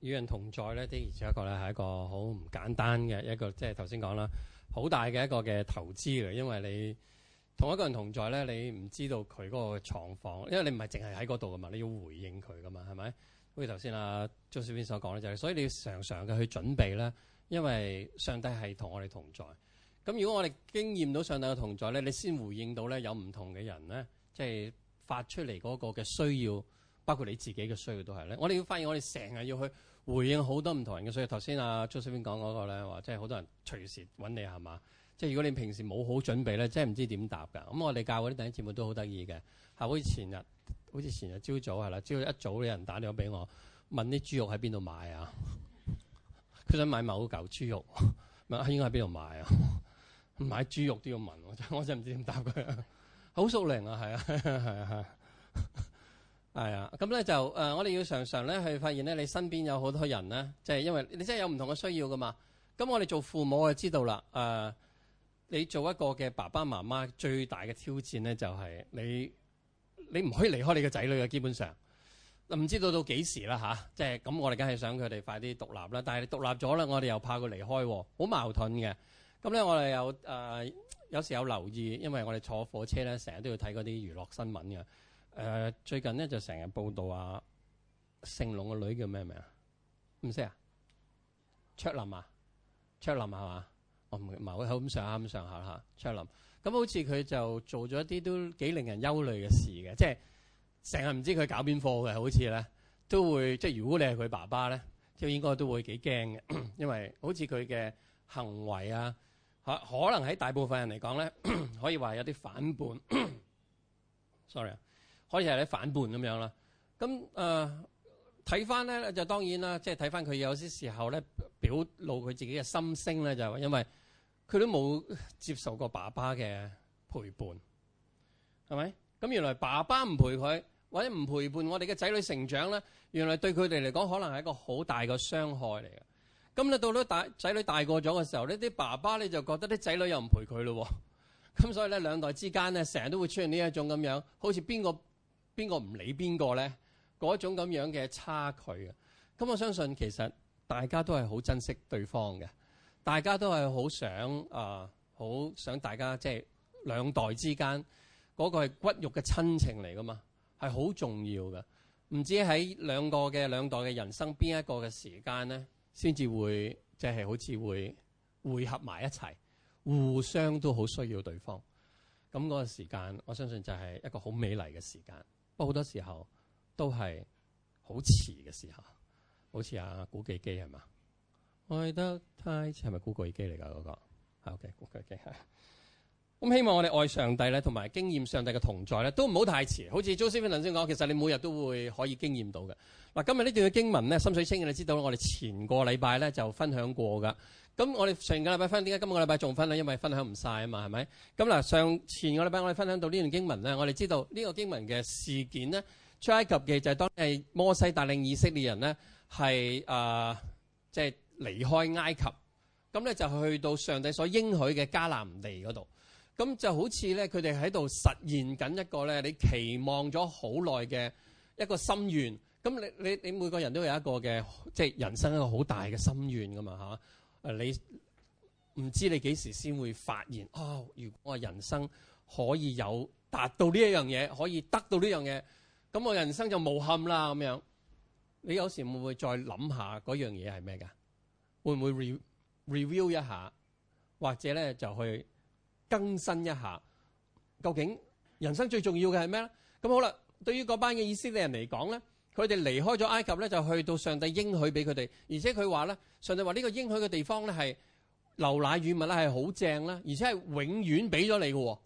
與人同在咧，的而且確咧係一個好唔簡單嘅一個，即係頭先講啦，好大嘅一個嘅投資嚟。因為你同一個人同在咧，你唔知道佢嗰個廠房，因為你唔係淨係喺嗰度噶嘛，你要回應佢噶嘛，係咪？好似頭先阿張小編所講咧，就係所以你要常常嘅去準備咧，因為上帝係同我哋同在。咁如果我哋經驗到上帝嘅同在咧，你先回應到咧有唔同嘅人咧，即係發出嚟嗰個嘅需要，包括你自己嘅需要都係咧。我哋要發現我哋成日要去回應好多唔同人嘅，所以頭先阿卓少軒講嗰個咧，話即係好多人隨時揾你係嘛？即係如果你平時冇好準備咧，即係唔知點答㗎。咁我哋教嗰啲第一節目都好得意嘅，係好似前日，好似前日朝早係啦，朝一早有人打電話俾我，問啲豬肉喺邊度買啊？佢想買某嚿豬肉，應該喺邊度買啊？買豬肉都要問，我真係唔知點答佢。好熟齡熟靈啊，係啊，係啊，係、啊。係啊，咁咧就、呃、我哋要常常咧去發現咧，你身邊有好多人咧，即係因為你真係有唔同嘅需要噶嘛。咁我哋做父母就知道啦，誒、呃，你做一個嘅爸爸媽媽最大嘅挑戰咧，就係你你唔可以離開你嘅仔女嘅基本上，唔知道到幾時啦吓，即係咁，我哋梗係想佢哋快啲獨立啦。但係你獨立咗啦，我哋又怕佢離開，好矛盾嘅。咁咧，我哋有，誒、呃、有時有留意，因為我哋坐火車咧，成日都要睇嗰啲娛樂新聞嘅。誒最近咧就成日報道啊，成龍個女叫咩名啊？唔識啊？卓林啊？卓林係嘛？我唔會，冇咁上下咁上下啦嚇。卓林咁好似佢就做咗一啲都幾令人憂慮嘅事嘅，即係成日唔知佢搞邊科嘅，好似咧都會即係如果你係佢爸爸咧，即係應該都會幾驚嘅，因為好似佢嘅行為啊，可能喺大部分人嚟講咧，可以話有啲反叛。Sorry 啊。可以係你反叛咁樣啦，咁誒睇翻咧就當然啦，即係睇翻佢有啲時候咧表露佢自己嘅心聲咧，就係因為佢都冇接受過爸爸嘅陪伴，係咪？咁原來爸爸唔陪佢或者唔陪伴我哋嘅仔女成長咧，原來對佢哋嚟講可能係一個好大嘅傷害嚟嘅。咁咧到咗大仔女大個咗嘅時候呢，啲爸爸咧就覺得啲仔女又唔陪佢咯，咁所以咧兩代之間咧成日都會出現呢一種咁樣，好似邊個？邊個唔理邊個呢？嗰種咁樣嘅差距啊！咁我相信其實大家都係好珍惜對方嘅，大家都係好想啊，好、呃、想大家即係兩代之間嗰、嗰個係骨肉嘅親情嚟噶嘛，係好重要噶。唔知喺兩個嘅兩代嘅人生邊一個嘅時間呢，先至會即係、即係、好似會匯合埋一齊，互相都好需要對方。咁、嗰、嗰個時間，我相信就係一個好美麗嘅時間。好多時候都係好遲嘅時候，好似阿古巨基係嘛？愛得太遲係咪古巨基嚟㗎嗰個？係 OK，古巨基。咁希望我哋愛上帝咧，同埋經驗上帝嘅同在咧，都唔好太遲。好似 Josephine 頭先講，其實你每日都會可以經驗到嘅。嗱，今日呢段嘅經文咧，心水清嘅你知道我哋前個禮拜咧就分享過㗎。咁我哋上個禮拜分，點解今個禮拜仲分享，因為分享唔晒啊嘛，係咪咁嗱？上前個禮拜我哋分享到呢段經文咧，我哋知道呢個經文嘅事件咧，出埃及就係當係摩西帶領以色列人呢，係即係離開埃及，咁咧就去到上帝所應許嘅迦南地嗰度，咁就好似咧佢哋喺度實現緊一個咧你期望咗好耐嘅一個心願。咁你你你每個人都有一個嘅即係人生一個好大嘅心願噶嘛嚇。誒你唔知你幾時先會發現啊、哦？如果我人生可以有達到呢一樣嘢，可以得到呢樣嘢，咁我人生就無憾啦咁樣。你有時會唔會再諗下嗰樣嘢係咩㗎？會唔會 re review 一下，或者咧就去更新一下？究竟人生最重要嘅係咩咧？咁好啦，對於嗰班嘅以色列人嚟講咧。佢哋離開咗埃及咧，就去到上帝應許俾佢哋，而且佢話咧，上帝話呢個應許嘅地方咧係流奶與蜜啦，係好正啦，而且係永遠俾咗你嘅，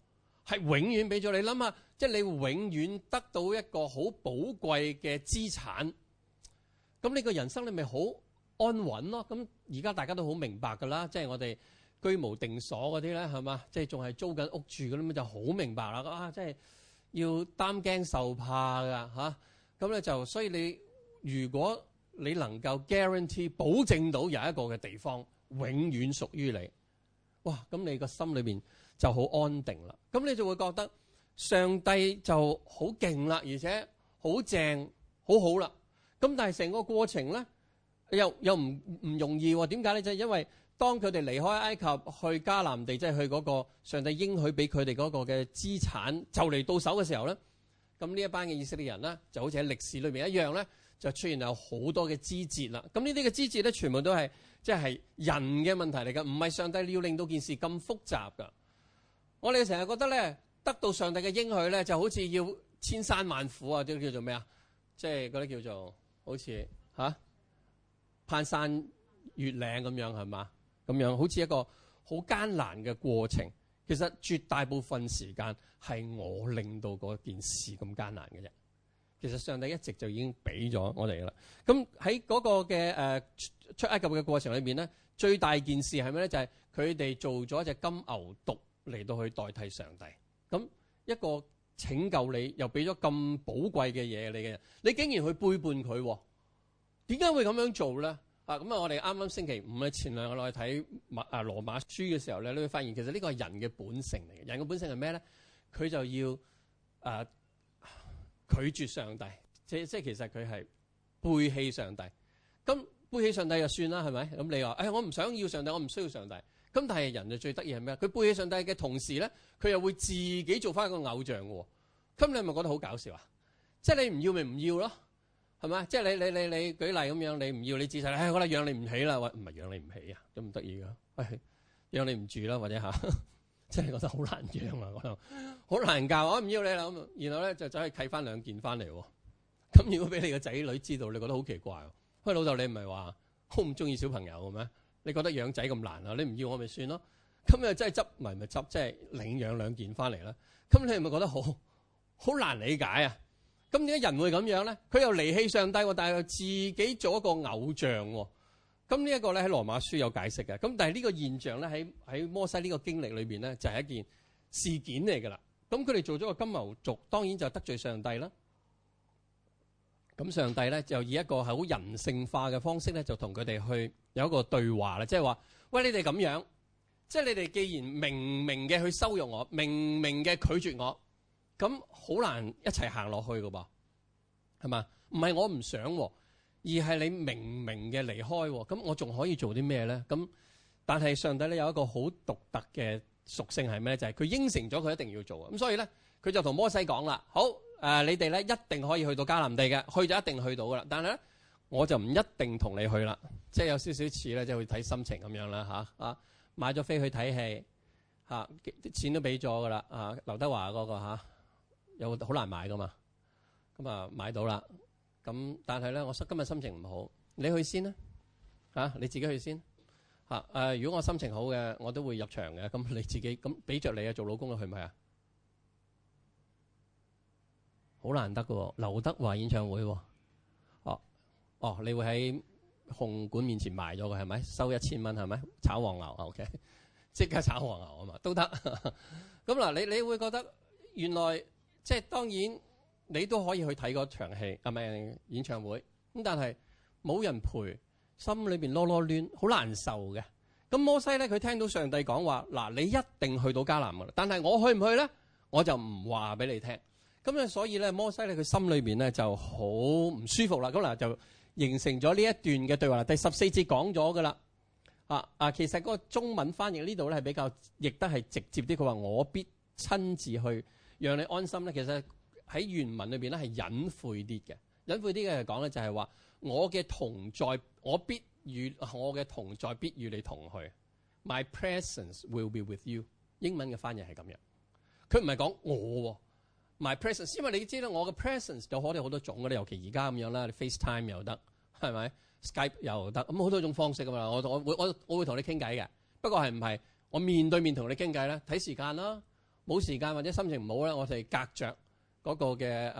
係永遠俾咗你。諗下，即係你永遠得到一個好寶貴嘅資產，咁呢個人生你咪好安穩咯。咁而家大家都好明白㗎啦，即係我哋居無定所嗰啲咧係嘛，即係仲係租緊屋住嗰啲咪就好明白啦。啊，即係要擔驚受怕㗎嚇。啊咁咧就，所以你如果你能夠 guarantee 保證到有一個嘅地方永遠屬於你，哇！咁你個心裏面就好安定啦。咁你就會覺得上帝就好勁啦，而且好正好好啦。咁但係成個過程咧又又唔唔容易喎。點解咧？就係因為當佢哋離開埃及去迦南地，即係去嗰個上帝應許俾佢哋嗰個嘅資產就嚟到手嘅時候咧。咁呢一班嘅以色列人咧，就好似喺歷史裏面一樣咧，就出現有好多嘅枝節啦。咁呢啲嘅枝節咧，全部都係即係人嘅問題嚟嘅，唔係上帝要令到件事咁複雜噶。我哋成日覺得咧，得到上帝嘅應許咧，就好似要千山萬苦啊，叫叫做咩、即係、啊？即係嗰啲叫做好似吓攀山越嶺咁樣係嘛？咁樣好似一個好艱難嘅過程。其實絕大部分時間係我令到嗰件事咁艱難嘅啫。其實上帝一直就已經俾咗我哋嘅啦。咁喺嗰個嘅誒出埃及嘅過程裏面咧，最大件事係咩咧？就係佢哋做咗隻金牛犢嚟到去代替上帝。咁一個拯救你又俾咗咁寶貴嘅嘢你嘅人，你竟然去背叛佢，點解會咁樣做咧？啊咁啊！我哋啱啱星期五嘅前兩個落去睇《啊羅馬書》嘅時候咧，你會發現其實呢個係人嘅本性嚟嘅。人嘅本性係咩咧？佢就要啊拒絕上帝，即即係其實佢係背棄上帝。咁背棄上帝就算啦，係咪？咁你話，唉，我唔想要上帝，我唔需要上帝。咁但係人就最得意係咩？佢背棄上帝嘅同時咧，佢又會自己做翻一個偶像喎。咁你係咪覺得好搞笑啊？即係你唔要咪唔要咯？係嘛？即係你你你你舉例咁樣，你唔要你自細，唉，我覺得養你唔起啦，或唔係養你唔起啊？都唔得意㗎，唉，養你唔住啦，或者吓，即係覺得好難養啊！ 我覺得好難教，我唔要你啦咁。然後咧就走去契翻兩件翻嚟喎。咁如果俾你個仔女知道，你覺得好奇怪喎？喂，老豆你唔係話好唔中意小朋友嘅咩？你覺得養仔咁難啊？你唔要我咪算咯。咁又真係執埋咪執，即係、就是、領養兩件翻嚟啦。咁你係咪覺得好好難理解啊？咁點解人會咁樣咧？佢又離棄上帝，但係佢自己做一個偶像喎，哦。咁呢一個咧喺羅馬書有解釋嘅。咁但係呢個現象咧喺喺摩西呢個經歷裏面咧就係一件事件嚟噶啦。咁佢哋做咗個金牛犢，當然就得罪上帝啦。咁上帝咧就以一個係好人性化嘅方式咧，就同佢哋去有一個對話啦，即係話：喂，你哋咁樣，即係你哋既然明明嘅去羞辱我，明明嘅拒絕我。咁好難一齊行落去噶噃，係嘛？唔係我唔想，而係你明明嘅離開，咁我仲可以做啲咩咧？咁但係上帝咧有一個好獨特嘅屬性係咩？就係佢應承咗，佢一定要做。咁所以咧，佢就同摩西講啦：好，呃，你哋咧一定可以去到迦南地嘅，去就一定去到噶啦。但係咧，我就唔一定同你去啦，即係有少少似咧，即係睇心情咁樣啦。吓啊，買咗飛去睇戲，吓，啲錢都俾咗噶啦。嚇啊，劉德華嗰個嚇。有好難買噶嘛，咁啊買到啦，咁但係咧我今今日心情唔好，你去先啦嚇，你自己去先嚇。誒、啊，如果我心情好嘅，我都會入場嘅。咁你自己咁俾着你啊，做老公啊，去唔去啊？好難得嘅劉德華演唱會喎，啊，哦、啊、哦、啊，你會喺紅館面前賣咗嘅係咪？收一千蚊係咪？炒黃牛，OK，即刻炒黃牛啊嘛，都得。咁，啊、嗱，你你會覺得原來。即係當然，你都可以去睇嗰場戲，係咪演唱會？咁但係冇人陪，心裏邊囉囉攣，好難受嘅。咁摩西咧，佢聽到上帝講話，嗱，你一定去到迦南噶啦。但係我去唔去咧，我就唔話俾你聽。咁啊，所以咧，摩西咧，佢心裏邊咧就好唔舒服啦。咁嗱，就形成咗呢一段嘅對話。第十四節講咗噶啦。啊啊，其實個中文翻譯這裡呢度咧係比較亦都係直接啲。佢話我必親自去。讓你安心咧，其實喺原文裏邊咧係隱晦啲嘅。隱晦啲嘅係講咧，就係話我嘅同在，我必與我嘅同在必與你同去。My presence will be with you。英文嘅翻譯係咁樣。佢唔係講我，my presence，因為你知道我嘅 presence 有可能好多種嘅咧，尤其而家咁樣啦，你 FaceTime 又得，係咪？Skype 又得，咁好多種方式㗎嘛。我會我會我我會同你傾偈嘅，不過係唔係我面對面同你傾偈咧？睇時間啦，啊。冇時間或者心情唔好咧，我哋隔著嗰個嘅誒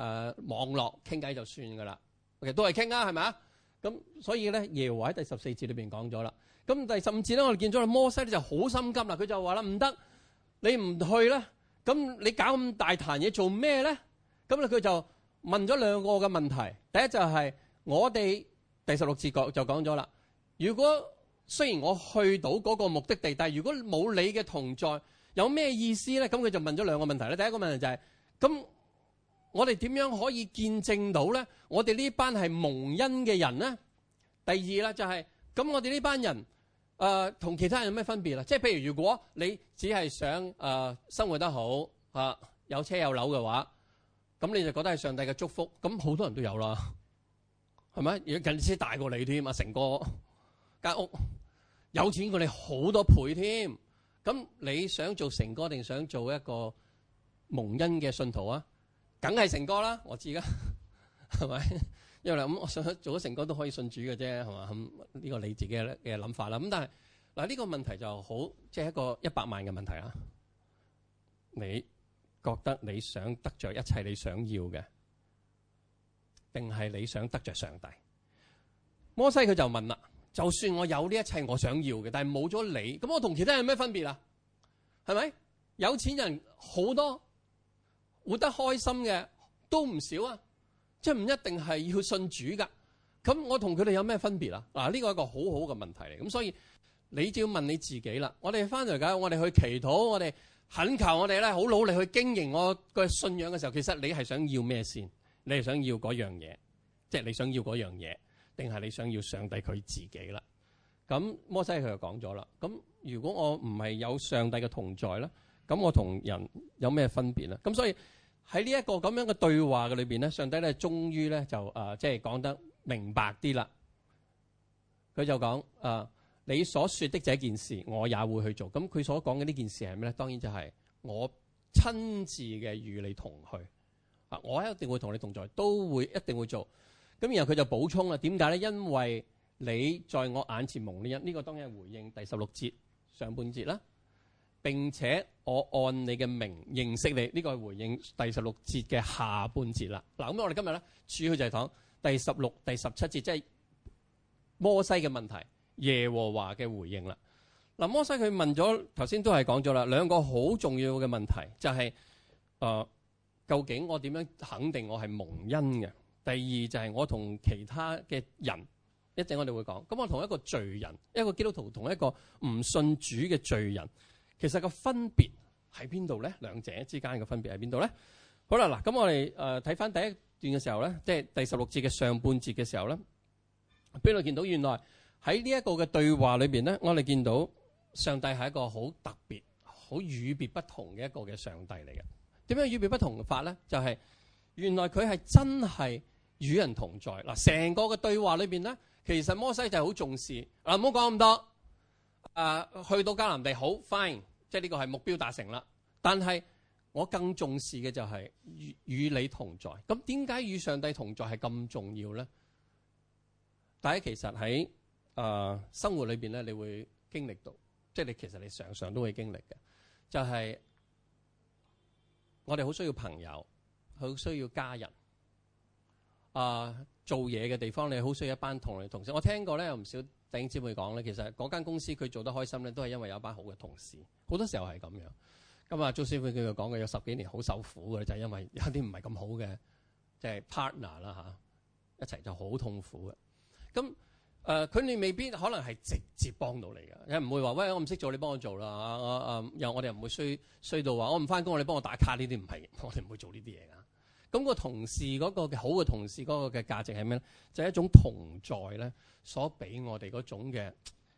網絡傾偈就算噶啦。其實都係傾啦，係咪啊？咁所以咧，耶和華喺第十四節裏邊講咗啦。咁第十五節咧，我哋見咗個摩西咧就好心急啦，佢就話啦：唔得，你唔去咧，咁你搞咁大壇嘢做咩咧？咁咧佢就問咗兩個嘅問題。第一就係我哋第十六節講就講咗啦。如果雖然我去到嗰個目的地，但係如果冇你嘅同在，有咩意思咧？咁佢就問咗兩個問題咧。第一個問題就係，咁我哋點樣可以見證到咧？我哋呢班係蒙恩嘅人咧。第二啦就係，咁我哋呢班人，誒，同其他人有咩分別啦即係譬如，如果你只係想誒生活得好，啊有車有樓嘅話，咁你就覺得係上帝嘅祝福。咁好多人都有啦，係咪？如果甚至大過你添啊，成個間屋有錢過你好多倍添。咁你想做成哥定想做一個蒙恩嘅信徒啊？梗係成哥啦，我知噶，係咪？因為我想做咗成哥都可以信主嘅啫，係嘛？咁呢個你自己嘅諗法啦。咁但係嗱，呢個問題就好，即係一個一百萬嘅問題啊。你覺得你想得着一切你想要嘅，定係你想得着上帝？摩西佢就問啦。就算我有呢一切我想要嘅，但係冇咗你，咁我同其他人有咩分別啊？係咪有錢人好多活得開心嘅都唔少啊？即係唔一定係要信主噶。咁我同佢哋有咩分別啊？嗱，呢個係一個好好嘅問題嚟。咁所以你就要問你自己啦。我哋翻嚟解，我哋去祈禱，我哋懇求，我哋咧好努力去經營我嘅信仰嘅時候，其實你係想要咩先？你係想要嗰樣嘢，即係你想要嗰樣嘢。定係你想要上帝佢自己啦。咁摩西佢就講咗啦。咁如果我唔係有上帝嘅同在咧，咁我同人有咩分別咧？咁所以喺呢一個咁樣嘅對話嘅裏邊咧，上帝咧終於咧就誒即係講得明白啲啦。佢就講，誒你所說的這件事，我也會去做。咁佢所講嘅呢件事係咩咧？當然就係我親自嘅與你同去啊！我一定會同你同在，都會，一定會做。咁然後佢就補充啦，點解咧？因為你在我眼前蒙恩，呢個當然係回應第十六節上半節啦。並且我按你嘅名認識你，呢個係回應第十六節嘅下半節啦。嗱，咁我哋今日咧主要就係講第十六、第十七節，即係摩西嘅問題，耶和華嘅回應啦。嗱，摩西佢問咗頭先都係講咗啦，兩個好重要嘅問題，就係呃，究竟我點樣肯定我係蒙恩嘅？第二就係我同其他嘅人，一陣我哋會講，咁我同一個罪人，一個基督徒同一個唔信主嘅罪人，其實個分別喺邊度咧？兩者之間嘅分別喺邊度咧？好啦，嗱，咁我哋誒睇翻，第一段嘅時候咧，即係第十六節嘅上半節嘅時候咧，邊度見到原來喺呢一個嘅對話裏邊咧，我哋見到上帝係一個好特別、好與別不同嘅一個嘅上帝嚟嘅。點樣與別不同法咧？就係、是、原來佢係真係。與人同在嗱，成個嘅對話裏邊咧，其實摩西就係好重視嗱，唔好講咁多。誒、啊，去到迦南地好 fine，即係呢個係目標達成啦。但係我更重視嘅就係與與你同在。咁點解與上帝同在係咁重要咧？大家其實喺誒、呃、生活裏邊咧，你會經歷到，即係你其實你常常都會經歷嘅，就係、是、我哋好需要朋友，好需要家人。啊，做嘢嘅地方你好需要一班同類同事。我聽過咧，有唔少弟兄姊妹講咧，其實嗰間公司佢做得開心咧，都係因為有一班好嘅同事。好多時候係咁樣。咁啊，朱師傅佢就講嘅有十幾年好受苦嘅，就係、是、因為有啲唔係咁好嘅，即、就、係、是、partner 啦嚇，一齊就好痛苦嘅。咁誒，佢哋未必可能係直接幫到你嘅，你唔會話喂我唔識做，你幫我做啦嚇。啊、呃、又我哋唔會衰衰到話我唔翻工，我哋幫我打卡呢啲唔係，我哋唔會做呢啲嘢噶。咁個同事、嗰個嘅好嘅同事嗰個嘅價值係咩咧？就係、是、一種同在咧，所俾我哋嗰種嘅，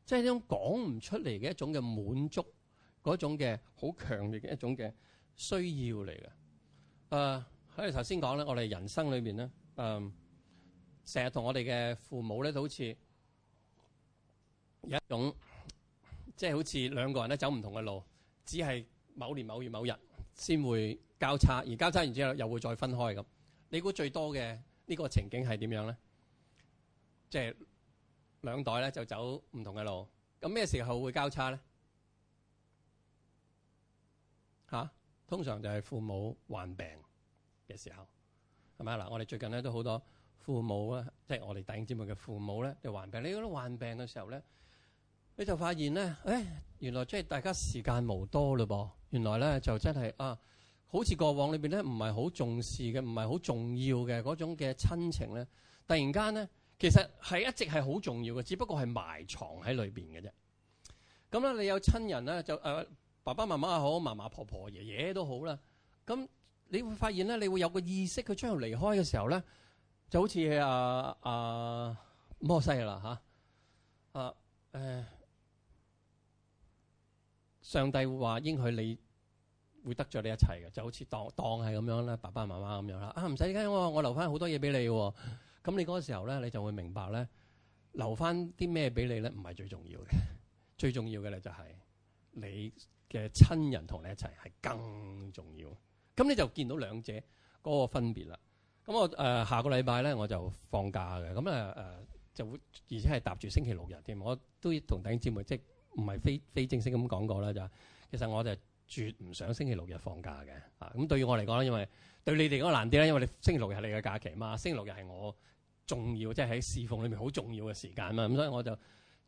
即係呢種講唔出嚟嘅一種嘅滿足，嗰種嘅好強烈嘅一種嘅需要嚟嘅。誒，喺頭先講咧，我哋人生裏面咧，誒，成日同我哋嘅父母咧，就好似有一種即係、就是、好似兩個人咧走唔同嘅路，只係某年某月某日。先會交叉，而交叉完之後又會再分開咁。你估最多嘅呢個情景係點樣咧？即係兩代咧就走唔同嘅路。咁咩時候會交叉咧？嚇、啊，通常就係父母患病嘅時候，係咪啊？嗱，我哋最近咧都好多父母咧，即係我哋弟兄姊妹嘅父母咧就患病。你覺得患病嘅時候咧？你就發現咧，誒、哎，原來即係大家時間無多嘞噃，原來咧就真係啊，好似過往裏邊咧唔係好重視嘅，唔係好重要嘅嗰種嘅親情咧，突然間咧，其實係一直係好重要嘅，只不過係埋藏喺裏邊嘅啫。咁啦，你有親人咧，就誒、啊，爸爸媽媽又好，嫲嫲婆婆、婆、爺爺都好啦。咁你會發現咧，你會有個意識，佢將來離開嘅時候咧，就好似啊，啊，摩西啦嚇，啊誒。哎上帝會話應許你會得著你一齊嘅，就好似當當係咁樣咧，爸爸媽媽咁樣啦，啊唔使驚喎，我留翻好多嘢俾你喎、啊，咁你嗰個時候咧，你就會明白咧，留翻啲咩俾你咧，唔係最重要嘅，最重要嘅咧就係、是、你嘅親人同你一齊係更重要的。咁你就見到兩者嗰個分別啦。咁我誒、呃、下個禮拜咧我就放假嘅，咁咧誒就會，而且係搭住星期六日添，我都同弟兄姊妹即唔係非非正式咁講過啦，就其實我就係絕唔想星期六日放假嘅。啊，咁對於我嚟講因為對你哋嗰個難啲咧，因為你星期六日係你嘅假期嘛，星期六日係我重要，即係喺侍奉裏面好重要嘅時間嘛。咁所以我就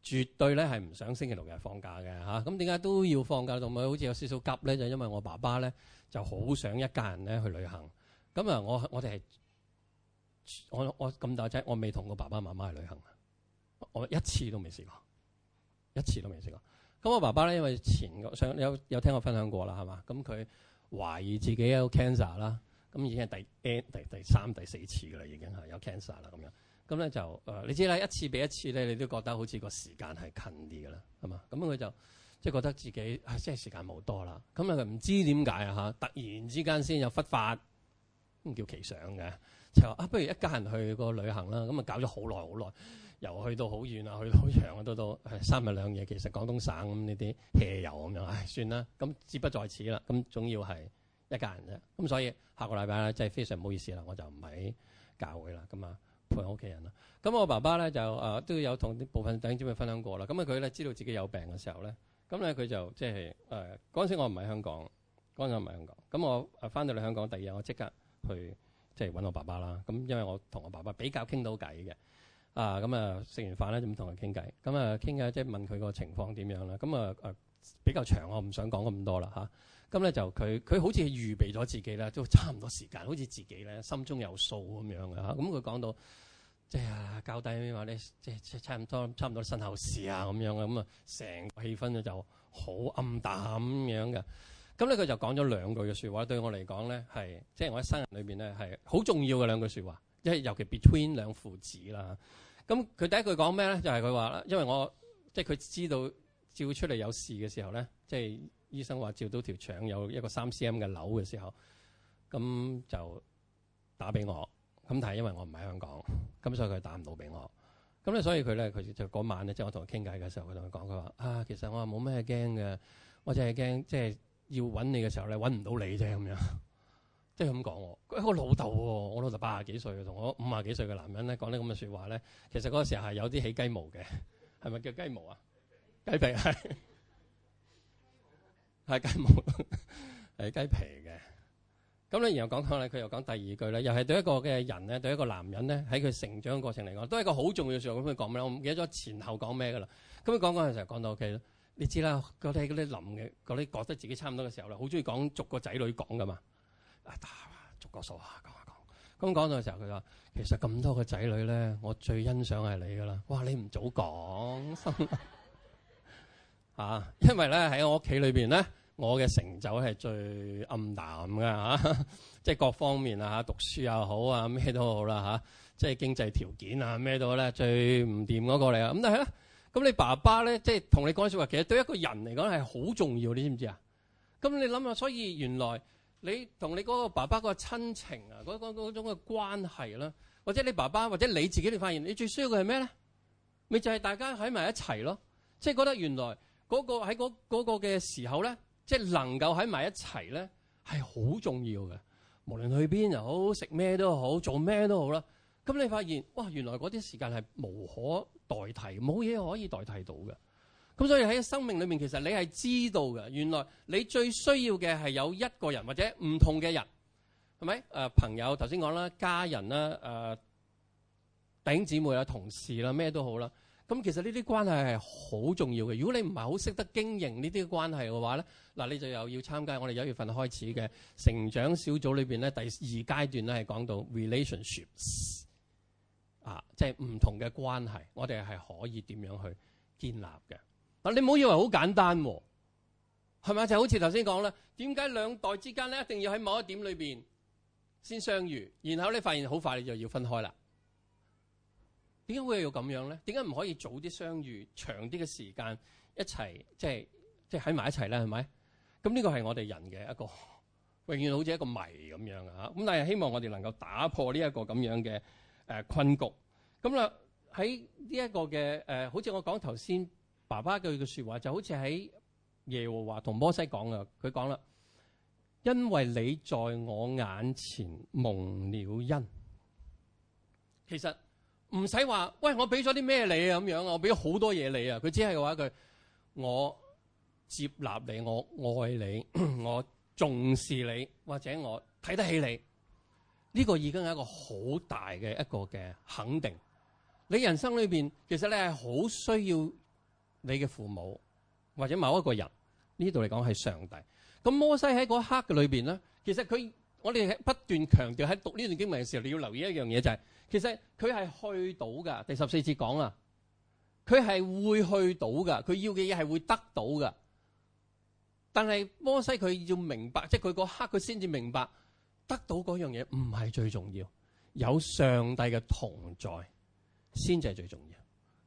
絕對咧係唔想星期六日放假嘅嚇。咁點解都要放假，同埋好似有少少急咧，就係、因為我爸爸咧就好想一家人咧去旅行。咁啊，我我哋係我我咁大隻，我未同我爸爸媽媽去旅行，我一次都未試過。一次都未食過。咁我爸爸咧，因為前個上有有聽我分享過啦，係嘛？咁佢懷疑自己有 cancer 啦，咁已經係第第第三第四次嘅啦，已經係有 cancer 啦咁樣。咁咧就誒、呃，你知啦，一次比一次咧，你都覺得好似個時間係近啲嘅啦，係嘛？咁佢就即係、就是、覺得自己即係、啊就是、時間冇多啦。咁啊，佢唔知點解啊嚇？突然之間先有忽發，咁叫奇想嘅。就話啊，不如一家人去個旅行啦。咁啊，搞咗好耐好耐。由去到好遠啊，去到好長啊，都到三日兩夜。其實廣東省咁呢啲 hea 遊咁樣，唉算啦。咁志不在此啦。咁總要係一家人啫。咁所以下個禮拜咧，真係非常唔好意思啦。我就唔喺教會啦，咁啊陪我屋企人啦。咁我爸爸咧就誒都有同部分弟兄姊妹分享過啦。咁啊佢咧知道自己有病嘅時候咧，咁咧佢就即係誒嗰陣時我唔喺香港，嗰陣時唔喺香港。咁我翻到嚟香港，第二日我即刻去即係揾我爸爸啦。咁因為我同我爸爸比較傾到偈嘅。啊，咁、嗯、啊，食完飯咧就同佢傾偈，咁啊傾偈即係問佢個情況點樣啦。咁、嗯、啊、嗯、比較長，我唔想講咁多啦嚇。咁、啊、咧、嗯、就佢佢好似預備咗自己啦，都差唔多時間，好似自己咧心中有數咁樣嘅嚇。咁佢講到即係交低話咧，即、啊、係差唔多差唔多身後事啊咁樣嘅。咁、嗯、啊，成、嗯嗯、個氣氛咧就好暗淡咁樣嘅。咁咧佢就講咗兩句嘅說話，對我嚟講咧係即係我喺生人裏邊咧係好重要嘅兩句說話，即係尤其 between 兩父子啦。啊。咁佢第一句講咩咧？就係佢話啦，因為我即係佢知道照出嚟有事嘅時候咧，即係醫生話照到條腸有一個三 C M 嘅瘤嘅時候，咁就打俾我。咁但係因為我唔喺香港，咁所以佢打唔到俾我。咁咧，所以佢咧，佢就嗰晚咧，即係我同佢傾偈嘅時候，佢同佢講，佢話啊，其實我話冇咩驚嘅，我淨係驚即係要搵你嘅時候咧搵唔到你啫咁樣。即係咁講我，佢我老豆喎，我老豆八十幾歲同我五十幾歲嘅男人咧講啲咁嘅説話咧，其實嗰個時候係有啲起雞毛嘅，係咪叫雞毛啊？雞皮係係雞毛，係雞皮嘅。咁咧，然後講講咧，佢又講第二句咧，又係對一個嘅人咧，對一個男人咧，喺佢成長過程嚟講，都係一個好重要嘅事。咁佢講咩，我唔記得咗前後講咩噶啦。咁佢講講嘅時候講到 O K 啦。OK，你知啦，嗰啲嗰啲諗嘅，嗰啲覺得自己差唔多嘅時候啦，好中意講逐個仔女講噶嘛。啊，逐個數啊，講下講，咁講到嘅時候，佢話其實咁多個仔女咧，我最欣賞係你噶啦。哇，你唔早講， 啊，因為咧喺我屋企裏邊咧，我嘅成就係最暗淡噶吓，即係各方面啊吓，讀書又好啊，咩都好啦吓，啊，即係經濟條件啊咩都好咧，最唔掂嗰個嚟啊。咁但係咧，咁你爸爸咧，即係同你講笑話，其實對一個人嚟講係好重要，你知唔知啊？咁你諗下，所以原來。你同你嗰個爸爸嗰個親情啊，嗰種嘅關係啦，或者你爸爸或者你自己，你發現你最需要嘅係咩咧？咪就係、是、大家喺埋一齊咯，即係覺得原來嗰、那個喺嗰個嘅時候咧，即係能夠喺埋一齊咧，係好重要嘅。無論去邊又好，食咩都好，做咩都好啦。咁你發現哇，原來嗰啲時間係無可代替，冇嘢可以代替到嘅。咁所以喺生命裏面，其實你係知道嘅。原來你最需要嘅係有一個人，或者唔同嘅人，係咪？誒、啊、朋友頭先講啦，家人啦，誒，弟兄姊妹啊，同事啦，咩都好啦。咁其實呢啲關係係好重要嘅。如果你唔係好識得經營呢啲關係嘅話咧，嗱，你就又要參加我哋一月份開始嘅成長小組裏邊咧，第二階段咧係講到 relationships 啊，即係唔同嘅關係，我哋係可以點樣去建立嘅？你唔好以為好簡單喎，係咪？就好似頭先講啦，點解兩代之間咧一定要喺某一點裏邊先相遇，然後你發現好快你就要分開啦？點解會要咁樣咧？點解唔可以早啲相遇，長啲嘅時間一齊，即係即係喺埋一齊咧？係咪？咁呢個係我哋人嘅一個永遠好似一個謎咁樣啊。咁但係希望我哋能夠打破呢一個咁樣嘅誒困局。咁啦喺呢一個嘅誒，好似我講頭先。爸爸嘅句說話就好似喺耶和華同摩西講嘅，佢講啦：，因為你在我眼前蒙了恩。其實唔使話，喂，我俾咗啲咩你啊咁樣啊，我俾咗好多嘢你啊。佢只係話一句：，我接納你，我愛你，我重視你，或者我睇得起你。呢個已經係一個好大嘅一個嘅肯定。你人生裏邊，其實你係好需要。你嘅父母或者某一個人，呢度嚟講係上帝。咁摩西喺嗰刻嘅裏邊咧，其實佢我哋係不斷強調，喺讀呢段經文嘅時候，你要留意一樣嘢就係、是，其實佢係去到噶。第十四節講啊，佢係會去到噶，佢要嘅嘢係會得到噶。但係摩西佢要明白，即係佢嗰刻佢先至明白，得到嗰樣嘢唔係最重要，有上帝嘅同在先至係最重要。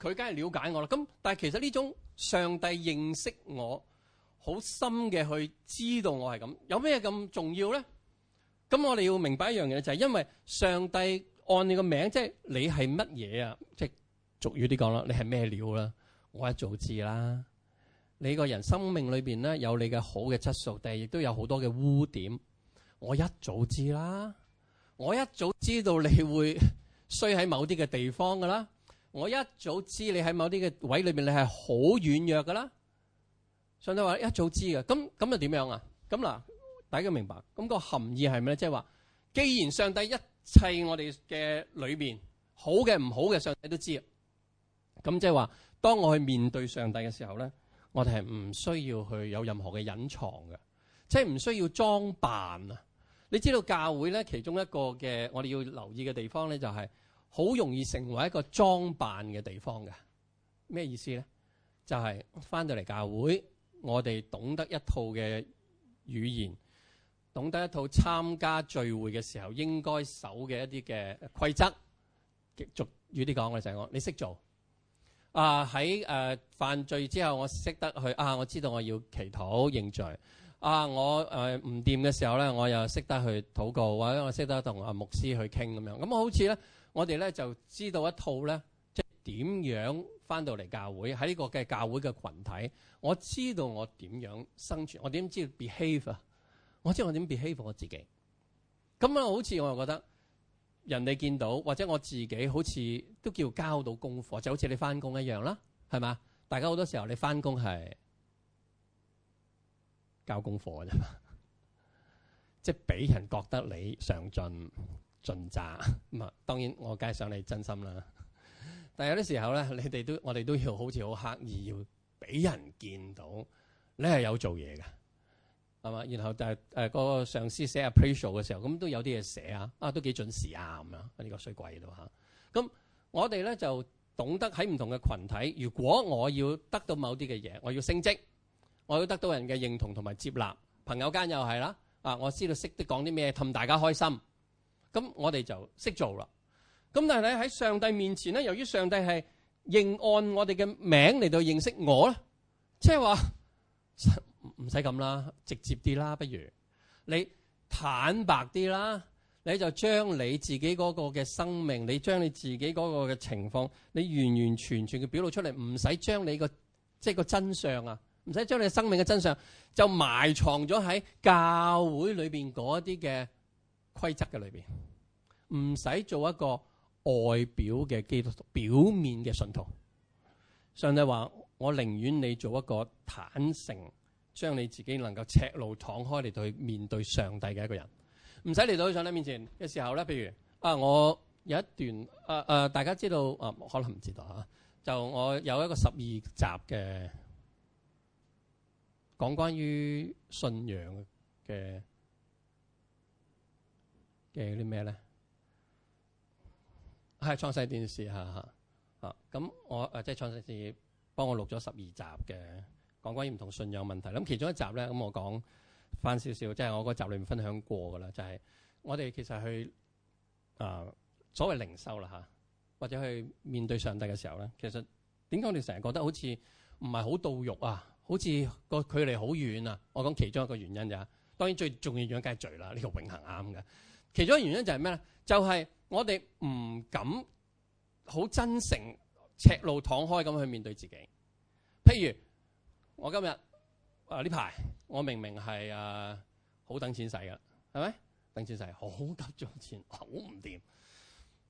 佢梗係了解我啦，咁但係其實呢種上帝認識我，好深嘅去知道我係咁，有咩咁重要咧？咁我哋要明白一樣嘢就係因為上帝按你個名，即係你係乜嘢啊？即係俗語啲講啦，你係咩料啦？我一早知啦。你個人生命裏邊咧有你嘅好嘅質素，但係亦都有好多嘅污點，我一早知啦。我一早知道你會衰喺某啲嘅地方噶啦。我一早知你喺某啲嘅位置裏面，你係好軟弱噶啦。上帝話一早知嘅，咁咁又點樣啊？咁嗱，大家明白？咁個含義係咩？即係話，既然上帝一切我哋嘅裏面，好嘅、唔好嘅，上帝都知啊。咁即係話，當我去面對上帝嘅時候咧，我哋係唔需要去有任何嘅隱藏嘅，即係唔需要裝扮啊。你知道教會咧其中一個嘅我哋要留意嘅地方咧，就係。好容易成為一個裝扮嘅地方嘅，咩意思咧？就係、是、翻到嚟教會，我哋懂得一套嘅語言，懂得一套參加聚會嘅時候應該守嘅一啲嘅規則。繼續俗語啲講嘅就係、是、我，你識做啊？喺誒、啊、犯罪之後，我識得去啊，我知道我要祈禱認罪啊。我誒唔掂嘅時候咧，我又識得去禱告或者我識得同阿牧師去傾咁樣。咁啊，好似咧～我哋咧就知道一套咧，即係點樣翻到嚟教會喺呢個嘅教會嘅群體。我知道我點樣生存，我點知道 behave 啊？我知我點 behave 我自己。咁啊，好似我又覺得人哋見到，或者我自己好似都叫交到功課，就好似你翻工一樣啦，係嘛？大家好多時候你翻工係交功課啫嘛，即係俾人覺得你上進。盡責，唔係當然我梗係想你真心啦。但係有啲時候咧，你哋都我哋都要好似好刻意要俾人見到，你係有做嘢㗎，係嘛？然後就誒、係嗰個上司寫 appraisal 嘅時候，咁都有啲嘢寫啊，啊都幾準時啊咁樣。呢、啊呢個衰鬼都嚇。咁、啊、我哋咧就懂得喺唔同嘅群體，如果我要得到某啲嘅嘢，我要升職，我要得到人嘅認同同埋接納，朋友間又係啦。啊，我知道識得講啲咩氹大家開心。咁我哋就識做啦。咁但係喺喺上帝面前咧，由於上帝係認按我哋嘅名嚟到認識我啦，即係話唔使咁啦，直接啲啦，不如你坦白啲啦，你就將你自己嗰個嘅生命，你將你自己嗰個嘅情況，你完完全全嘅表露出嚟，唔使將你個即係個真相啊，唔使將你生命嘅真相就埋藏咗喺教會裏邊嗰啲嘅規則嘅裏邊。唔使做一個外表嘅基督徒，表面嘅信徒。上帝話，我寧願你做一個坦誠，將你自己能夠赤露敞開嚟到去面對上帝嘅一個人。唔使嚟到上帝面前嘅時候咧，譬如啊，我有一段啊啊，大家知道啊，可能唔知道吓，就我有一個十二集嘅講關於信仰嘅嘅啲咩咧。係創世電視嚇嚇啊！咁我誒即係創世電視幫我錄咗十二集嘅講關於唔同信仰問題。咁其中一集咧，咁我講翻少少，即係我個集裏面分享過噶啦。就係我哋其實去啊所謂靈修啦嚇，或者去面對上帝嘅時候咧，其實點解我哋成日覺得好似唔係好到肉啊，好似個距離好遠啊？我講其中一個原因就係，當然最重要一樣梗係罪啦，呢個永恆啱嘅。其中一個原因就係咩咧？就係、是、我哋唔敢好真誠、赤露躺開咁去面對自己。譬如我今日啊呢排，我明明係誒好等錢使㗎，係咪？等錢使好急咗錢，好唔掂。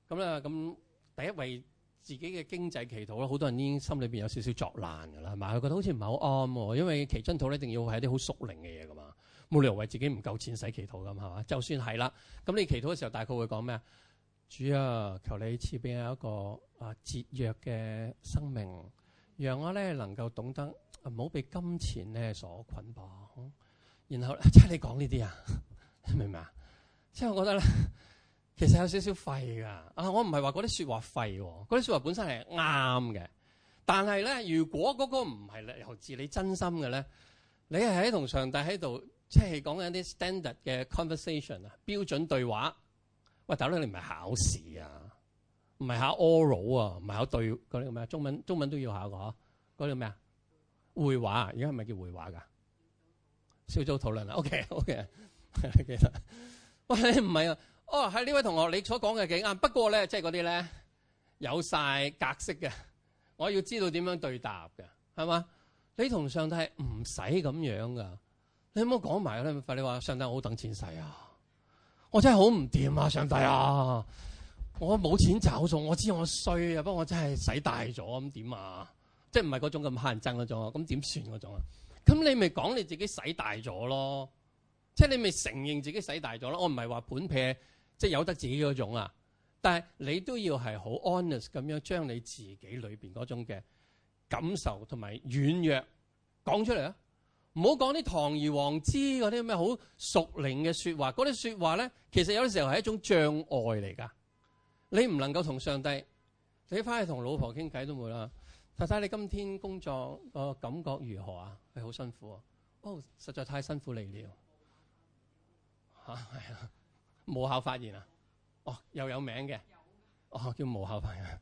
咁咧咁，第一為自己嘅經濟祈禱啦。好多人已經心裏邊有少少作難噶啦，係咪？佢覺得好似唔係好啱喎，因為祈真禱一定要係啲好屬靈嘅嘢噶嘛。冇理由為自己唔夠錢使祈禱咁係嘛？就算係啦，咁你祈禱嘅時候大概會講咩啊？主啊，求你賜俾我一個啊節約嘅生命，讓我咧能夠懂得唔好被金錢咧所捆綁。然後即係你講呢啲啊，即係、 明唔明啊？即、就、係、係、我覺得咧，其實有少少廢㗎。啊，我唔係話嗰啲説話廢喎，嗰啲説話本身係啱嘅。但係咧，如果嗰個唔係嚟由自你真心嘅咧，你係喺同上帝喺度。即係講緊啲 standard 嘅 conversation 啊，標準對話。喂，大佬，你唔係考試啊？唔係考 oral 啊？唔係考對嗰啲咩？中文中文都要考嘅呵。嗰啲咩啊？會話？而家係咪叫會話㗎？小組討論啊。OK，OK、OK, OK。 記得。喂，你唔係啊。哦，係呢位同學，你所講嘅幾啱。不過咧，即係嗰啲咧有晒格式嘅，我要知道點樣對答嘅，係嘛？你同上帝係唔使咁樣㗎。你唔好講埋啦！費你話上帝，好等錢使啊！我真係好唔掂啊！上帝啊，我冇錢找數，我知我衰啊！不過我真係使大咗，咁點啊？即係唔係嗰種咁乞人憎嗰種，咁點算嗰種啊？咁你咪講你自己使大咗咯，即係你咪承認自己使大咗咯。我唔係話本撇，即係由得自己嗰種啊。但係你都要係好 honest 咁樣將你自己裏邊嗰種嘅感受同埋軟弱講出嚟啊！唔好講啲堂而皇之嗰啲咩好屬靈嘅說話，嗰啲說話咧，其實有啲時候係一種障礙嚟噶。你唔能夠同上帝，你翻去同老婆傾偈都冇啦。太太，你今天工作個感覺如何啊？你、哎、好辛苦啊？哦，實在太辛苦嚟了。吓、啊，係啊，無效發言啊？哦，又有名嘅，哦叫無效發言。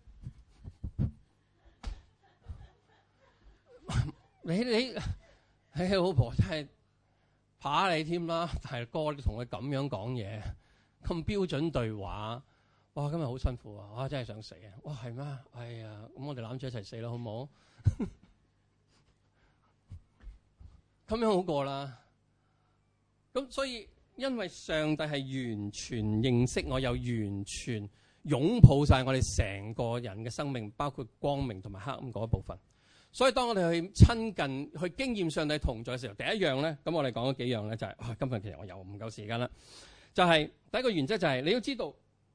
你、啊、你。你你、哎、老婆真係怕你添啦！大哥，你同佢咁樣講嘢，咁標準對話，哇！今日好辛苦啊，哇！真係想死啊！哇，係咩？哎呀，咁我哋攬住一齊死啦，好唔好？咁 樣好過啦。咁所以，因為上帝係完全認識我，又完全擁抱晒我哋成個人嘅生命，包括光明同埋黑暗嗰一部分。所以當我哋去親近、去經驗上帝同在嘅時候，第一樣咧，咁我哋講咗幾樣咧，就係，哇，今日其實我又唔夠時間啦。就係，第一個原則就係，你要知道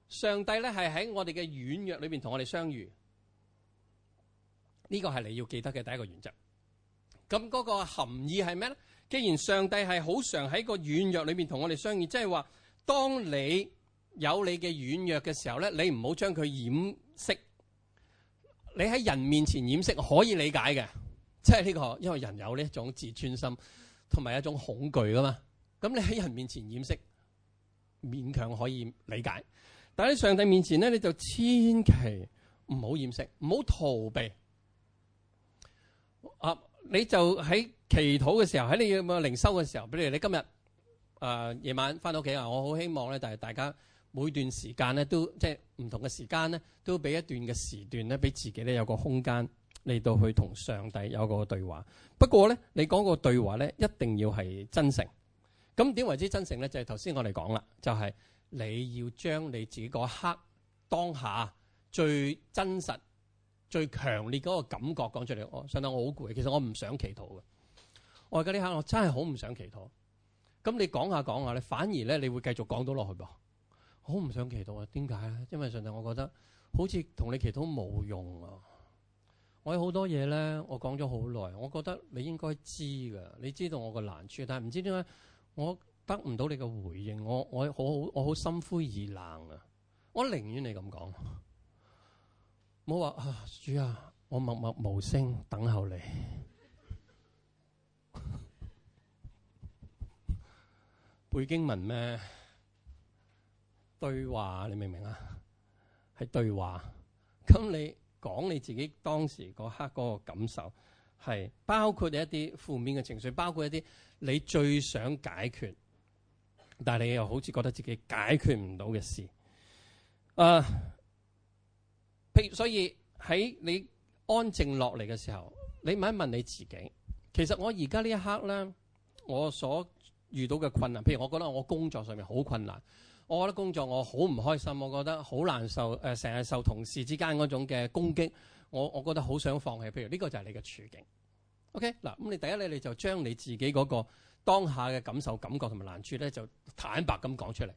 上帝咧係喺我哋嘅軟弱裏邊同我哋相遇。呢個係你要記得嘅第一個原則。咁嗰個含義係咩咧？既然上帝係好常喺個軟弱裏邊同我哋相遇，即係話，當你有你嘅軟弱嘅時候咧，你唔好將佢掩飾。你喺人面前掩飾，可以理解嘅，即係呢個，因為人有呢一種自尊心同埋一種恐懼噶嘛。咁你喺人面前掩飾，勉強可以理解。但喺上帝面前咧，你就千祈唔好掩飾，唔好逃避。啊，你就喺祈禱嘅時候，喺你有冇靈修嘅時候，比如你今日誒夜晚翻到屋企啊，我好希望咧，就係大家。每段時間咧，都即係唔同嘅時間咧，都俾一段嘅時段咧，俾自己咧有個空間嚟到去同上帝有個對話。不過咧，你講個對話咧，一定要係真誠。咁點為之真誠咧？就係頭先我哋講啦，就係、是、你要將你自己嗰刻當下最真實、最強烈嗰個感覺講出嚟。我上堂我好攰，其實我唔想祈禱嘅。我而家呢刻我真係好唔想祈禱。咁你講下講下咧，反而咧你會繼續講到落去噃。好唔想祈禱啊？點解咧？因為上帝，我覺得好似同你祈禱冇用啊！我有好多嘢咧，我講咗好耐，我覺得你應該知㗎，你知道我個難處，但係唔知點解我得唔到你嘅回應，我我好我好心灰意冷啊！我寧願你咁講，唔好話啊，主啊，我默默無聲等候你背經 文咩？對話，你明唔明啊？係對話，咁你講你自己當時嗰刻嗰個感受，係包括你一啲負面嘅情緒，包括一啲你最想解決，但係你又好似覺得自己解決唔到嘅事。誒、啊，譬如所以喺你安靜落嚟嘅時候，你問一問你自己，其實我而家呢一刻咧，我所遇到嘅困難，譬如我覺得我工作上面好困難。我覺得工作我好唔開心，我覺得好難受，誒成日受同事之間嗰種嘅攻擊，我我覺得好想放棄。譬如呢個就係你嘅處境，OK 嗱，咁你第一咧你就將你自己嗰個當下嘅感受、感覺同埋難處咧就坦白咁講出嚟，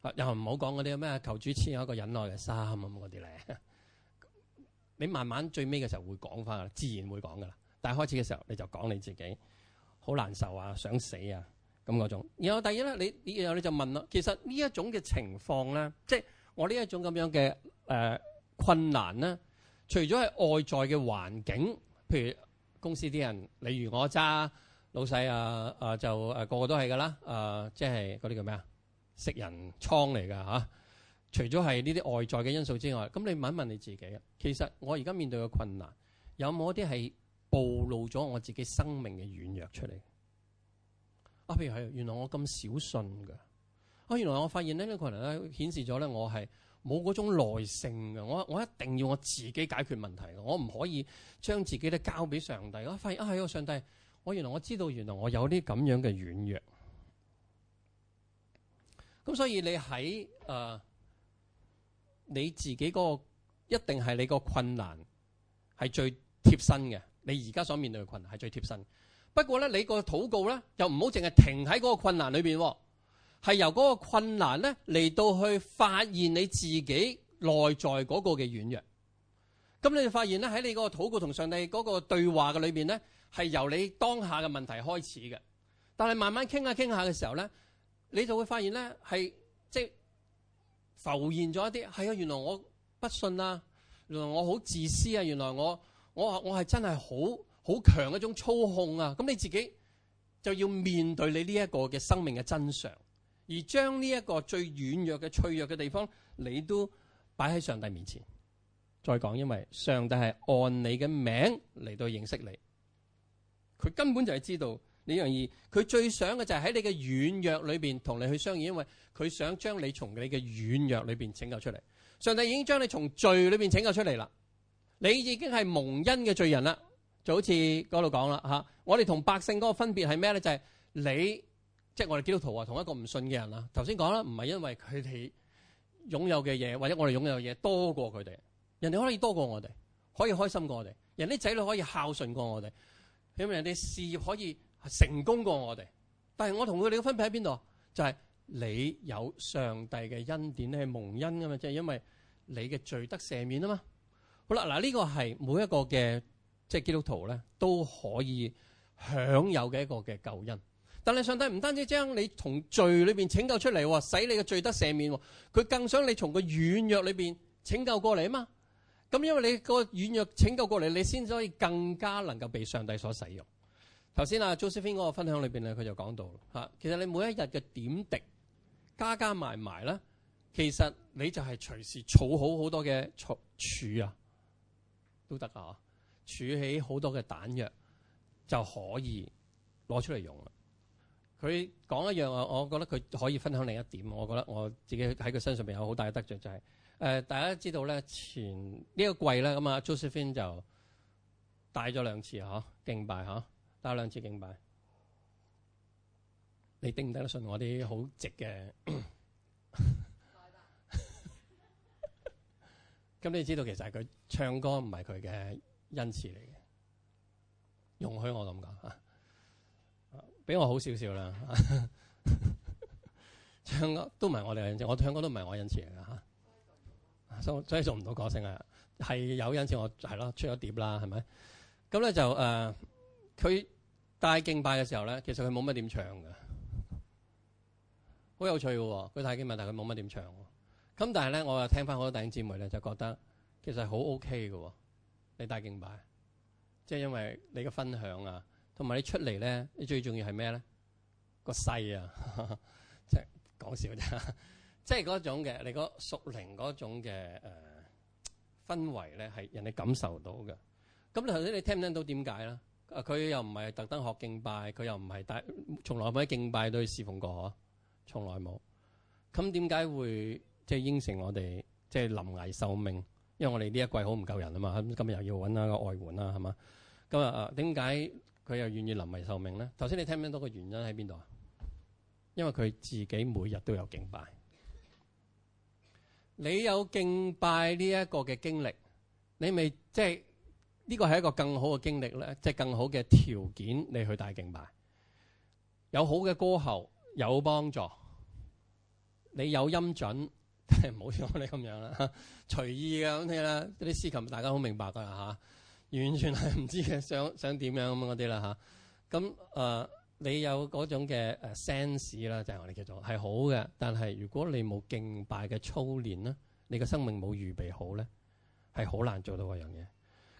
啊，又唔好講嗰啲咩求主賜我一個忍耐嘅心咁嗰啲咧。你慢慢最尾嘅時候會講翻，自然會講噶啦。但係開始嘅時候你就講你自己，好難受啊，想死啊！咁嗰種，然後第二咧，你然後你就問啦，其實呢一種嘅情況咧，即係我呢一種咁樣嘅誒困難咧，除咗係外在嘅環境，譬如公司啲人，例如我揸老細啊啊，就誒、啊、個個都係噶啦，誒、啊、即係嗰啲叫咩啊？食人倉嚟㗎嚇。除咗係呢啲外在嘅因素之外，咁你問一問你自己啊，其實我而家面對嘅困難，有冇一啲係暴露咗我自己生命嘅軟弱出嚟？啊！譬如係，原來我咁少信嘅。啊！原來我發現呢個困難咧顯示咗咧，我係冇嗰種耐性嘅。我我一定要我自己解決問題嘅。我唔可以將自己咧交俾上帝。我發現啊，係個上帝。我、啊、原來我知道，原來我有啲咁樣嘅軟弱。咁所以你喺誒、呃、你自己嗰、嗰個一定係你個困難係最貼身嘅。你而家所面對嘅困難係最貼身。不過咧，你個禱告咧，又唔好淨係停喺嗰個困難裏邊，係由嗰個困難咧嚟，到去發現你自己內在嗰個嘅軟弱。咁你哋發現咧，喺你個禱告同上帝嗰個對話嘅裏邊咧，係由你當下嘅問題開始嘅。但係慢慢傾下傾下嘅時候咧，你就會發現咧，係即係浮現咗一啲係啊，原來我不信啊，原來我好自私啊，原來我我我係真係好。好強一種操控啊！咁你自己就要面對你呢一個嘅生命嘅真相，而將呢一個最軟弱嘅脆弱嘅地方，你都擺喺上帝面前。再講，因為上帝係按你嘅名嚟到認識你，佢根本就係知道你容易，佢最想嘅就係喺你嘅軟弱裏邊同你去相遇，因為佢想將你從你嘅軟弱裏邊拯救出嚟。上帝已經將你從罪裏邊拯救出嚟啦，你已經係蒙恩嘅罪人啦。就好似嗰度講啦，我哋同百姓嗰個分別係咩咧？就係你即係我哋基督徒啊，同一個唔信嘅人啦。頭先講啦，唔係因為佢哋擁有嘅嘢或者我哋擁有嘅嘢多過佢哋，人哋可以多過我哋，可以開心過我哋，人啲仔女可以孝順過我哋，因為人哋事業可以成功過我哋。但係我同佢哋嘅分別喺邊度啊？就係你有上帝嘅恩典係蒙恩啊嘛，即係因為你嘅罪得赦免啊嘛。好啦，嗱呢個係每一個嘅。即係基督徒咧都可以享有嘅一個嘅救恩，但係上帝唔單止將你從罪裏邊拯救出嚟，使你嘅罪得赦免，佢更想你從個軟弱裏邊拯救過嚟啊嘛！咁因為你個軟弱拯救過嚟，你先可以更加能夠被上帝所使用。頭先啊，Josephine 嗰個分享裏邊咧，佢就講到嚇，其實你每一日嘅點滴加加埋埋咧，其實你就係隨時儲好好多嘅儲儲啊，都得噶儲起好多嘅彈藥就可以攞出嚟用啦。佢講一樣啊，我覺得佢可以分享另一點，我覺得我自己喺佢身上面有好大嘅得著，就係、是、誒、呃、大家知道咧，前呢、這個季咧，咁啊 Josephine 就帶咗兩次嚇、啊、敬拜嚇、啊，帶咗兩次敬拜，你頂唔頂得順我啲好直嘅？咁 你知道其實係佢唱歌唔係佢嘅。恩賜嚟嘅，容許我咁講嚇，俾我好少少啦。唱歌都唔係我哋嘅恩賜，我唱歌都唔係我恩賜嚟嘅嚇，所以做唔到歌星啊。係有恩賜，我係咯，出咗碟啦，係咪？咁咧就誒，佢、呃、帶敬拜嘅時候咧，其實佢冇乜點唱嘅，好有趣嘅喎。佢帶敬拜，但係佢冇乜點唱。咁但係咧，我又聽翻好多弟兄姊妹咧，就覺得其實好 OK 嘅喎。你帶敬拜，即係因為你嘅分享啊，同埋你出嚟咧，你最重要係咩咧？個勢啊，即係講笑啫，即係嗰種嘅你個屬靈嗰種嘅誒、呃、氛圍咧，係人哋感受到嘅。咁你頭先你聽唔聽到點解咧？啊，佢又唔係特登學敬拜，佢又唔係帶，從來冇喺敬拜度侍奉過呵，從來冇。咁點解會即係應承我哋即係臨危受命？因為我哋呢一季好唔夠人啊嘛，咁今日又要揾下個外援啦，係嘛？咁啊，點解佢又願意臨危受命咧？頭先你聽唔聽到個原因喺邊度啊？因為佢自己每日都有敬拜，你有敬拜呢一個嘅經歷，你咪即係呢個係一個更好嘅經歷咧，即係更好嘅條件你去帶敬拜，有好嘅歌喉，有幫助，你有音準。係唔好似我哋咁樣啦，隨意嘅咁嘅啦，嗰啲司琴大家好明白噶啦嚇，完全係唔知嘅想想點樣咁嗰啲啦嚇。咁、啊、誒，你有嗰種嘅誒 sense 啦，就係我哋叫做係好嘅。但係如果你冇敬拜嘅操練咧，你嘅生命冇預備好咧，係好難做到嗰樣嘢。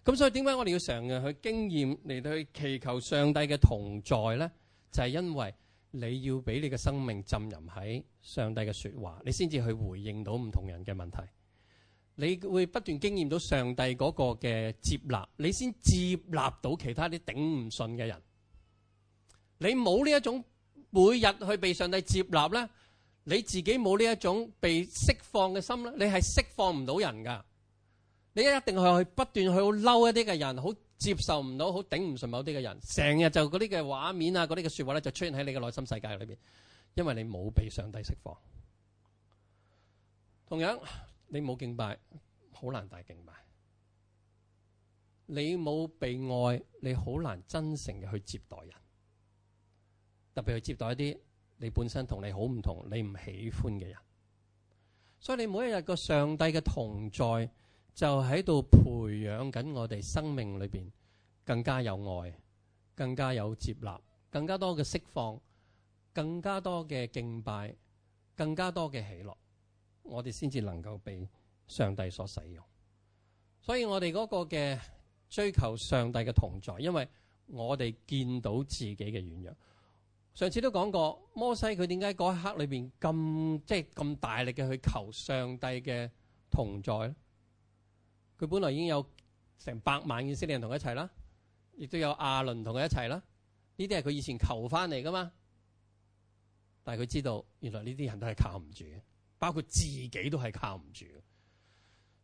咁所以點解我哋要成日去經驗嚟去祈求上帝嘅同在咧？就係、是、因為。你要俾你嘅生命浸淫喺上帝嘅説話，你先至去回應到唔同人嘅問題。你會不斷經驗到上帝嗰個嘅接納，你先接納到其他啲頂唔順嘅人。你冇呢一種每日去被上帝接納咧，你自己冇呢一種被釋放嘅心咧，你係釋放唔到人噶。你一定係去不斷去好嬲一啲嘅人，好。接受唔到，好頂唔順某啲嘅人，成日就嗰啲嘅畫面啊，嗰啲嘅說話咧，就出現喺你嘅內心世界裏面，因為你冇被上帝釋放，同樣你冇敬拜，好難大敬拜。你冇被愛，你好難真誠嘅去接待人，特別去接待一啲你本身同你好唔同、你唔喜歡嘅人。所以你每一日個上帝嘅同在。就喺度培養緊我哋生命裏邊更加有愛，更加有接納，更加多嘅釋放，更加多嘅敬拜，更加多嘅喜樂，我哋先至能夠被上帝所使用。所以我哋嗰個嘅追求上帝嘅同在，因為我哋見到自己嘅軟弱。上次都講過，摩西佢點解嗰一刻裏邊咁即係咁大力嘅去求上帝嘅同在？佢本來已經有成百萬以色列人同佢一齊啦，亦都有阿倫同佢一齊啦。呢啲係佢以前求翻嚟噶嘛。但係佢知道，原來呢啲人都係靠唔住嘅，包括自己都係靠唔住。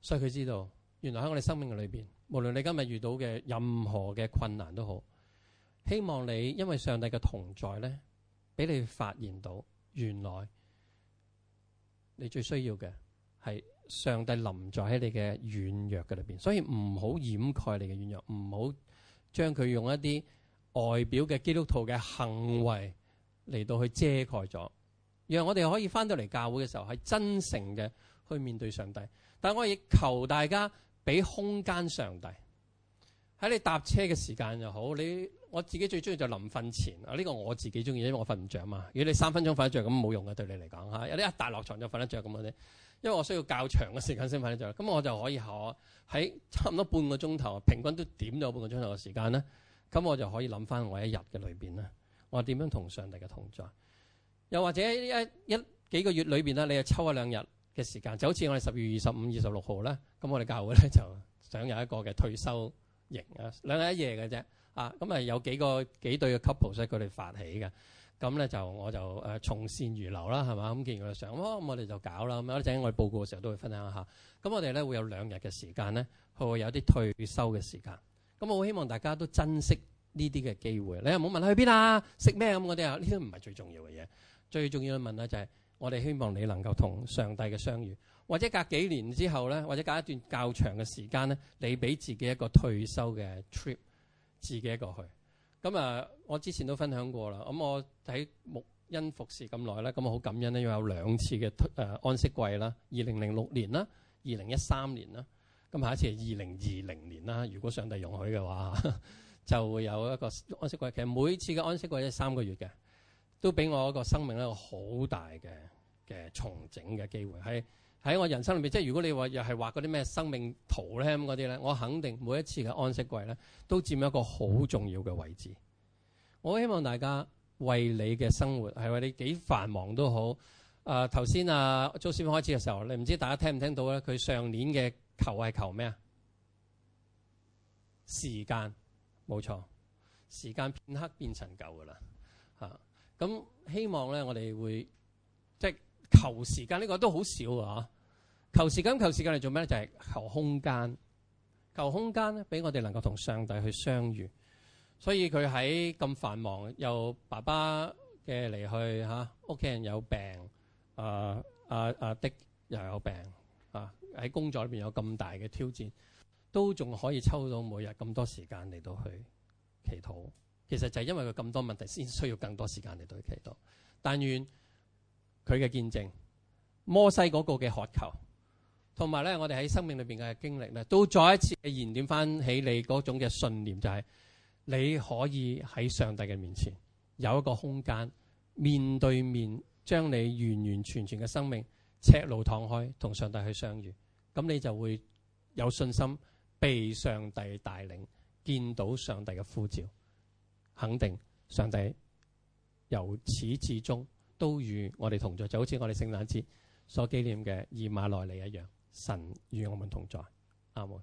所以佢知道，原來喺我哋生命裏邊，無論你今日遇到嘅任何嘅困難都好，希望你因為上帝嘅同在咧，俾你發現到，原來你最需要嘅係。上帝臨在喺你嘅軟弱嘅裏邊，所以唔好掩蓋你嘅軟弱，唔好將佢用一啲外表嘅基督徒嘅行為嚟到去遮蓋咗，讓我哋可以翻到嚟教會嘅時候係真誠嘅去面對上帝。但我亦求大家俾空間上帝喺你搭車嘅時間又好，你我自己最中意就臨瞓前啊，呢個我自己中意，因為我瞓唔著嘛。如果你三分鐘瞓得着咁冇用嘅對你嚟講嚇。有啲一大落床就瞓得着咁嗰啲。因為我需要較長嘅時間先瞓得著，咁我就可以可喺差唔多半個鐘頭，平均都點咗半個鐘頭嘅時間咧，咁我就可以諗翻我一日嘅裏邊咧，我點樣同上帝嘅同在？又或者一一幾個月裏邊咧，你又抽一兩日嘅時間，就好似我哋十二月二十五、二十六號啦，咁我哋教會咧就想有一個嘅退休營啊，兩日一夜嘅啫，啊，咁啊有幾個幾對嘅 couple 咧佢哋發起嘅。咁咧就我就誒從善如流啦，係嘛？咁見佢想，哇！咁我哋就搞啦。咁一陣我哋報告嘅時候都會分享一下。咁我哋咧會有兩日嘅時間咧，佢會有啲退休嘅時間。咁我希望大家都珍惜呢啲嘅機會。你又唔好問去邊啊？食咩咁？我哋啊，呢啲唔係最重要嘅嘢。最重要嘅問啦就係、是，我哋希望你能夠同上帝嘅相遇，或者隔幾年之後咧，或者隔一段較長嘅時間咧，你俾自己一個退休嘅 trip，自己一個去。咁啊，我之前都分享過啦。咁我喺木恩服侍咁耐啦，咁我好感恩咧，因為有兩次嘅誒安息季啦，二零零六年啦，二零一三年啦。咁下一次係二零二零年啦，如果上帝容許嘅話，就會有一個安息季。其實每次嘅安息季都係三個月嘅，都俾我一個生命一個好大嘅嘅重整嘅機會喺。喺我人生裏面，即係如果你話又係畫嗰啲咩生命圖咧，咁嗰啲咧，我肯定每一次嘅安息季咧都佔一個好重要嘅位置。我希望大家為你嘅生活係話你幾繁忙都好。誒頭先啊，周、啊、師傅開始嘅時候，你唔知大家聽唔聽到咧？佢上年嘅求係求咩啊？時間冇錯，時間片刻變陳舊噶啦嚇。咁、啊、希望咧，我哋會即係。求時間呢個都好少啊！求時間，求時間嚟做咩咧？就係求空間，求空間咧，俾我哋能夠同上帝去相遇。所以佢喺咁繁忙，又爸爸嘅離去吓，屋企人有病，啊啊啊的又有病啊，喺工作裏邊有咁大嘅挑戰，都仲可以抽到每日咁多時間嚟到去祈禱。其實就係因為佢咁多問題，先需要更多時間嚟到去祈禱。但願。佢嘅見證，摩西嗰個嘅渴求，同埋咧我哋喺生命裏邊嘅經歷咧，都再一次嘅燃點翻起你嗰種嘅信念，就係、是、你可以喺上帝嘅面前有一個空間，面對面將你完完全全嘅生命赤露敞開，同上帝去相遇，咁你就會有信心被上帝帶領，見到上帝嘅呼召，肯定上帝由始至終都與我哋同在，就好似我哋聖誕節所紀念嘅以馬內利一樣，神與我們同在，阿門。